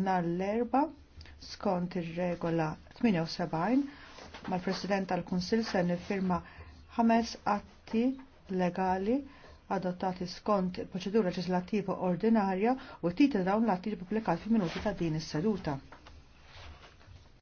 nhar l-erba skont ir-regola 78 mal-President tal-Kunsill se nifirma ħames atti legali adottati skont il-proċedura leġislattiva ordinarja u t tita dawn l-atti pubblikat fil-minuti ta' din is-seduta.